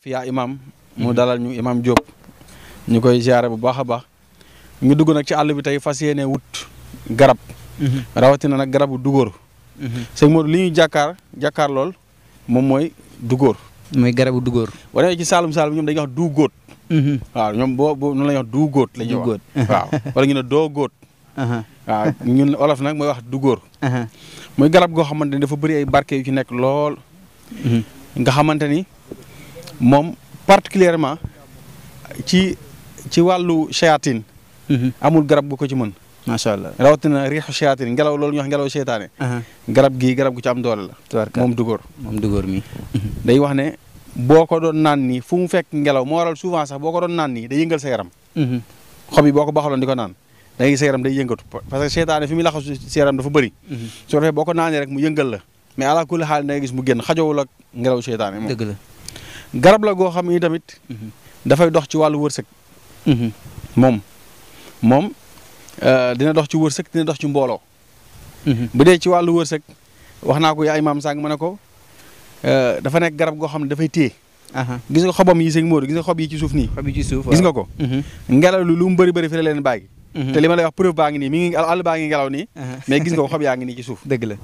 fiyaa imam mu mhm. dalal ñu imam Diop ñu koy ziare bu baax a baax ñu dugg nag ci àll bi tey fas yéene wut garab mhm. rawatina nag garabu dugóor mhm. sëñ Modou li ñuy jàkkaar jàkkaar lool moom mooy dugóor mooy garabu dugóor boo demee ci saalum ñoom dañuy wax duu góot waaw boo boo noonu la ñuy góot la ñuy wax waaw wala ñu ne doo góot uh-huh. waaw ñun olof nag mooy wax dugóor uh-huh. mooy garab goo xamante ni dafa bëri ay barke yu ci nekk lool nga xamante ni moom particulièrement ci ci wàllu shayatin mhm. amul garab gu ko ci mën macha allah rawatina riixu shayatin ngelaw loolu ñuy wax ngelaw seytaane garab gii garab gu ci am doole la moom dugóor moom dugóor mi mhm. day wax ne boo ko doon naan nii fu mu fekk ngelaw moo waral souvent sax boo ko doon naan nii day yëngal sa yaram mhm. xob yi boo ko baxaloon di ko naan da ngay sa yaram day yëngatu parce que seytaane fi muy laxasu sa dafa bëri su ko boo ko naanee rek mu yëngal la mais ala kulli xaal da gis mu génn xajowul ak ngelaw seytaane moom la garab la goo xam ni tamit dafay dox ci wàllu wërsëg moom moom euh, dina dox ci wërsëg dina dox ci mbooloo bu dee ci wàllu wërsëg wax naa ko yaay maam sàng ma ne ko euh, dafa nekk garab goo xam ne dafay téye gis nga xobam yi sëñ Modou gis nga xob yi ci suuf nii gis nga ko mhm. ngelaw lu mu bëri bëri fi la leen bàyyi mhm. te li ma lay wax preuve baa ngi nii mi ngi àll baa ngi ngelaw nii mais gis nga ko xob yaa ngi nii ci suuf dëgg la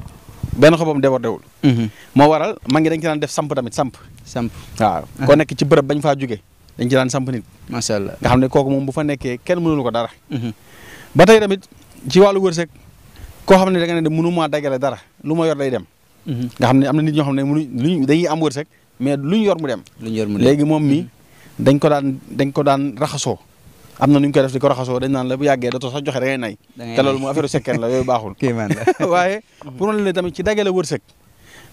benn xobam débordé wul. Mhm. moo waral ma ngi dañ ci daan def samp tamit samp. samp waaw ah. ko nekk ci bërëb bañ faa jóge dañ ci daan samp nit. macha nga xam ne kooku moom bu fa nekkee kenn mënul ko dara. Mhm. ba tey tamit ci wàllu wërsëg koo xam ne da nga ne mënu maa dagale dara lu ma yor day dem. Mhm. nga xam ne am na nit ñoo xam ne mënu luñ dañuy am wërsëg mais luñ yor mu dem. luñ yor mu léegi moom mi dañ ko daan dañ ko daan raxasoo. am na nu ñu koy def di ko raxasoo dañ naan la bu yàggee da too sax joxe da ngay nay te loolu tamit ci dagale wërsëg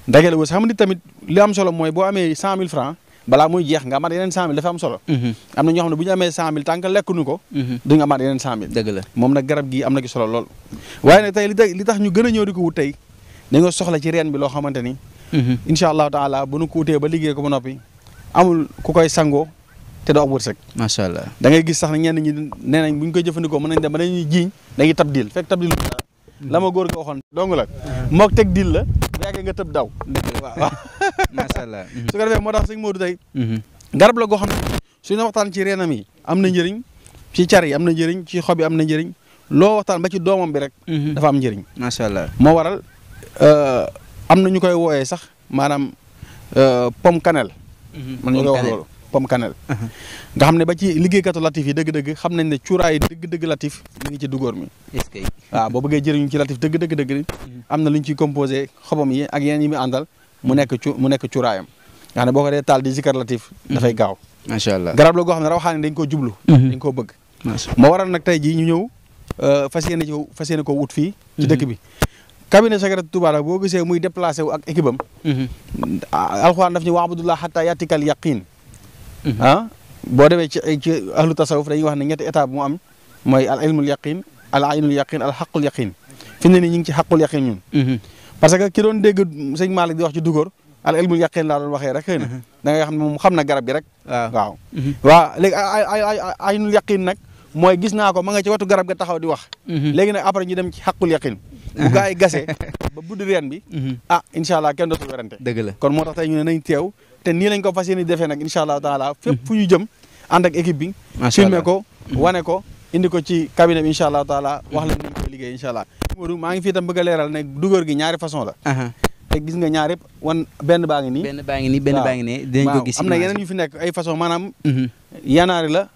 dagale wërsëg xam nga tamit li am solo mooy boo amee cent mille francs balaa muy jeex nga amaat yeneen cent mille dafa am solo mhm. am na ñoo xam ne bu ñu amee cent mille tant que lekkuñu ko mhm. duñ amaat yeneen cent mille dëgg moom na garab gi am na ci solo lool waaye nag tey li tax ñu gën a ñëw di ko wut tey dañoo soxla ci reen bi loo xamante ni mhm. incha allahu taala bu nu ku wutee ba liggéey ko ba noppi amul ku koy sangoo te doo am wërsëg. macha allah da ngay gis sax ne ñenn ñi neenañ bu ñu koy jëfandikoo mën nañ dem ba dañuy jiiñ dañuy tab diil fekk tab diil mm. la ma góor ga waxoon dong la moo teg diil la bu yàggee nga tëb daw. waaw macha allah. Mm-hmm. su ko defee moo tax sëñ Modou mm-hmm. garab la goo xam ne waxtaan ci reenam yi am na njëriñ ci car yi am na njëriñ ci xob yi am na njëriñ loo waxtaan ba ci doomam bi rek. Mm-hmm. dafa am njëriñ. macha allah moo waral euh, am na ñu koy wooyee sax maanaam euh, pomme cannelle. pomme cannelle uh-huh. nga xam ne ba ci liggéeykatu latif yi dëgg-dëgg xam nañ ne cuuraay dëgg-dëgg latif mi ngi ci dugóor mi waaw boo bëggee jëriñu ci latif dëgg dëgg dëgg am na lu ñu ciy composé xobam yi ak yeneen yi mu àndal mu uh-huh. nekk cu mu nekk cuuraayam nga xam ne boo ko dee taal di zikar latif uh-huh. dafay gaaw macha allah garab la goo xam ne rawaxaane dañ koo jublu dañ koo bëgg moo waral nag tey jii ñu ñëw euh, fas yéene ci fas yéene ko wut fii ci dëkk bi cabinet secrétaire Touba boo gisee muy déplacé wu ak équipe am alxuraan daf ñu wa abdullah xata yatikal yaqin Mm-hmm. Ah? boo demee ci ci ahlu tasawuf dañuy wax ne ñetti étape mu am mooy al ilmul yaqin al aynul yaqin al xaqul yaqin fi ne ni ñu ngi ci xaqul yaqin ñun mm-hmm. parce que ki doon dégg sëñ Malick di wax ci dugóor al ilmul yaqin laa doon waxee rek xëy mm-hmm. xam moom xam na garab gi rek waaw waaw léegi aynul yaqin nag mooy gis naa ko ma nga ci wetu garab ga taxaw di wax léegi nag après ñu dem ci xaqul yaqin bu gaa gase gasee ba buddi reen bi ah incha allah kenn dootul werante la kon moo tax tey ñu ne nañ teew te nii lañ ko fas yéene defee nag incha allahu taala fépp mhm. fu ñu jëm ànd ak équipe bi filmé ko mhm. wane ko indi ko ci cabinet bi incha allahu taala mhm. wax la niñ koy liggéey incha allah maa ngi fii tam bëgg a leeral ne gi ñaari façon la te gis nga ñaar wan benn baa ngi nii benn baa ngi nii benn baa ngi ko gis am na yeneen yu fi nekk ay façon maanaam yanaari la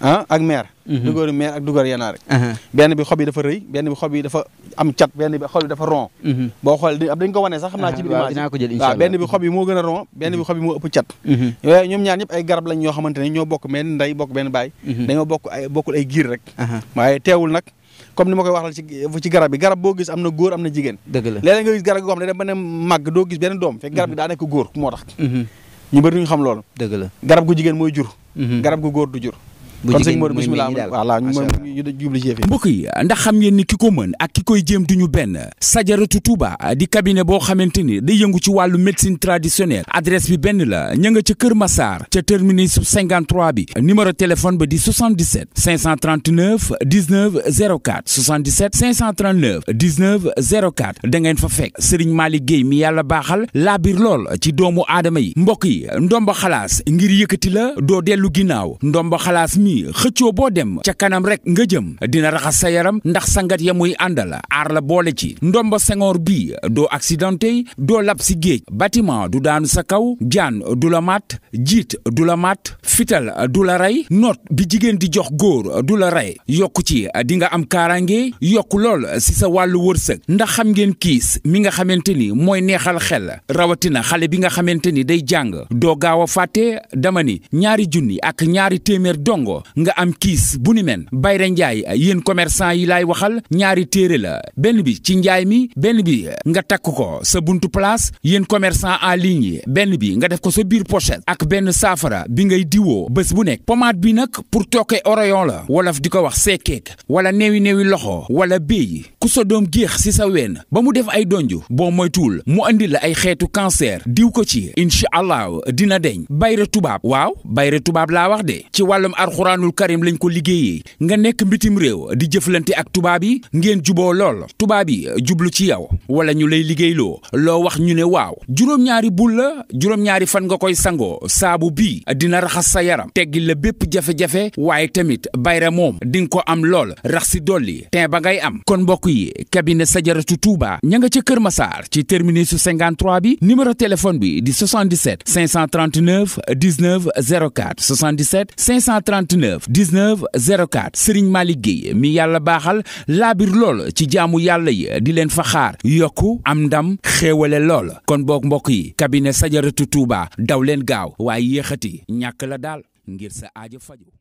ah ak meer mhm. dugóoru meer ak dugóor yanaa rek uh-huh. benn bi xob yi dafa rëy benn bi xob yi dafa am cat benn bi xob yi dafa rond mhm. boo xool dañ ko wanee sax xam naa ci uh-huh. biir image waaw benn bi xob yi moo gën a rond benn bi mhm. xob yi moo ëpp cat yooyu ñoom lañ ñoo xamante ne ñoo bokk benn ndey bokk benn baay dañoo bokk ay bokkul ay giir rek uh-huh. waaye teewul nag comme ni ma koy waxal ci ci garab yi garab boo gis am na góor am na jigéen dëgg la léeg-léeg nga gis garab goo xam ne ba ne màgg doo gis benn doom fekk garab gi daa nekk góor moo tax ñu bëri ñu xam loolu dëgg la garab gu jigéen mooy jur garab gu góor du jur bu jigéen ñi mooy meññ daal voilà ñu jublu ci mbokk yi ndax xam ngeen ni ki ko mën ak ki koy jéem duñu benn Sajaratu Touba di cabinet boo xamante ni day yëngu ci wàllu médecine traditionnelle adresse bi benn la ña nga ca Kër Massar ca terminus 53 bi numéro téléphone ba di 77 539 19 04 77 539 19 04 da ngeen fa fekk Serigne Malick Guèye mi yàlla baaxal laa biir lool ci doomu aadama yi mbokk yi ndomba xalaas ngir yëkkati la doo dellu ginnaaw ndomba xalaas mi mi xëccoo boo dem ca kanam rek nga jëm dina raxas sa yaram ndax sangat ya muy àndal aar la boole ci ndomb sengoor bi doo accidenté doo lab si géej bâtiment du daanu sa kaw jaan du la maat jiit du la maat fital du la rey noot bi jigéen di jox góor du la rey yokk ci di nga am kaaraange yokku lool si sa wàllu wërsëg ndax xam ngeen kiis mi nga xamante ni mooy neexal xel rawatina xale bi nga xamante ni day jàng doo gaaw a fàtte dama ni ñaari junni ak ñaari ko nga am kiis bu ni men Bayra Njaay yéen commerçant yi laay waxal ñaari téere la benn bi ci njaay mi benn bi nga takk ko sa buntu place yéen commerçant en ligne benn bi nga def ko sa biir pochette ak benn saafara bi ngay diwoo bés bu nekk pommade bi nag pour tooke oreillon la wolof di ko wax seekeek wala neewi neewi loxo wala béy ku sa doom géex si sa ween ba mu def ay donju boo moytuwul mu andi la ay xeetu cancer diw ko ci incha allah dina deñ bayra tubaab waaw alxuraanul karim lañ ko liggéeyee nga nekk mbitim réew di jëflante ak tubaab yi ngeen juboo lool tubaab yi jublu ci yow wala ñu lay liggéey loo loo wax ñu ne waaw juróom-ñaari bul la juróom-ñaari fan nga koy sangoo saabu bii dina raxas sa yaram teggil la bépp jafe-jafe waaye tamit bayra moom di nga ko am lool rax si dolli tin ba ngay am kon mbokk yi cabinet Sajaratu Touba ña nga ca Kër Massar ci terminus 53 bi numéro téléphone bi di 77 539 19 04 77 539 19 19 04 Serigne Malick Guèye mi yàlla baaxal laabir lool ci jaamu yàlla yi di leen faxaar xaar yokku am ndam xéewale lool kon mbok mbokk yi kabine sajaratu Touba daw leen gaaw waaye yéexati ñàkk la daal ngir sa aajo faju